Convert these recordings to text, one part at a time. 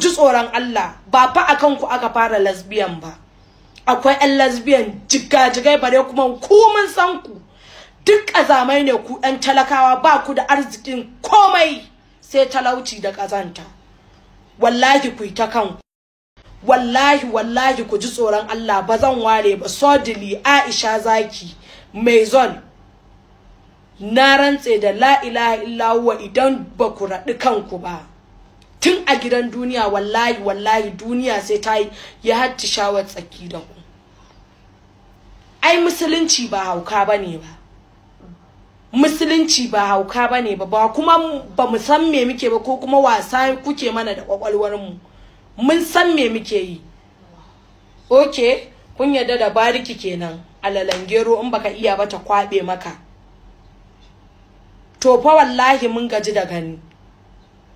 ji tsoron Allah ba fa a kanku aka fara lesbian ba akwai 'yan lesbian jigajigai bare kuma ku mun san ku duk ƙazamai ne ku ɗan talakawa ba ku da arzikin komai sai talauci da ƙazanta wallahi ku yi ta kanku wallahi wallahi ku ji tsoron Allah ba zan ware ba sodili Aisha zaki mai zon na rantse da la ilaha illa idan ba ku raɗi kanku ba tun a gidan duniya wallahi wallahi duniya sai ta yi ya hatti shawar tsaki da ku ai musulunci ba hauka ba ne ba musulunci ba hauka ba ne ba ba kuma ba mu san me muke ba ko kuma wasa kuke mana da kwakwalwar mu mun san me muke yi ok kun yarda da bariki kenan alalangero in baka iya ba ta kwaɓe maka to fa wallahi mun gaji da gani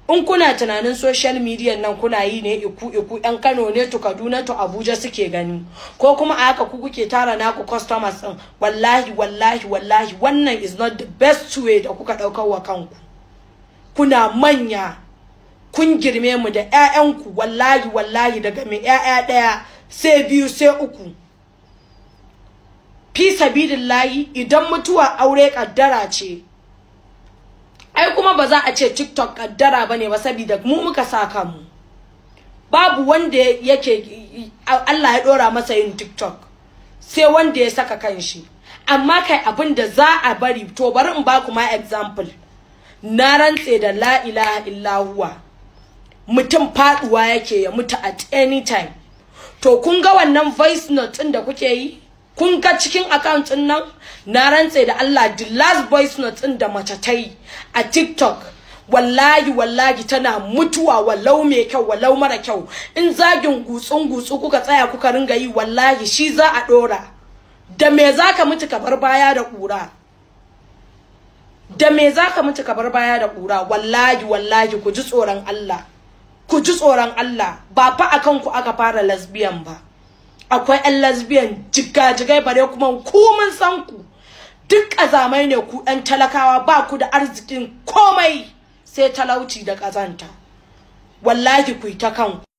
in kuna tunanin social media nan kuna yi ne iku iku yan kano ne to kaduna to abuja suke gani ko kuma a haka ku kuke tara naku customers din wallahi wallahi wallahi wannan is not the best way da kuka daukar wa kanku kuna manya kun girme mu da ƴaƴanku wallahi wallahi daga mai ƴaƴa ɗaya sai biyu sai uku fi sabilillahi idan mutuwa aure kaddara ce ai kuma ba za a ce tiktok kaddara ba ne ba saboda mu muka saka mu babu wanda yake allah ya dora masa yin tiktok sai wanda ya saka kanshi amma kai abin da za a bari to bari in ba ku ma example na rantse da la ilaha illahuwa mutum faduwa yake ya mutu at any time to kun ga wannan voice note din da kuke yi kun ga cikin account din nan na rantse da Allah the last voice note din da mace ta yi a TikTok wallahi wallahi tana mutuwa walau mai kyau walau mara kyau in zagin gutsun gutsu kuka tsaya kuka ringa yi wallahi shi za a dora da me zaka mutu ka bar baya da kura da me zaka mutu ka bar baya da kura wallahi wallahi ku ji tsoron Allah ku ji tsoron Allah ba fa akan ku aka fara lesbian ba akwai yan lesbian jigai bare kuma ku mun san ku duk ƙazamai ne ku yan talakawa ba ku da arzikin komai sai talauci da kazanta wallahi ku yi ta kanku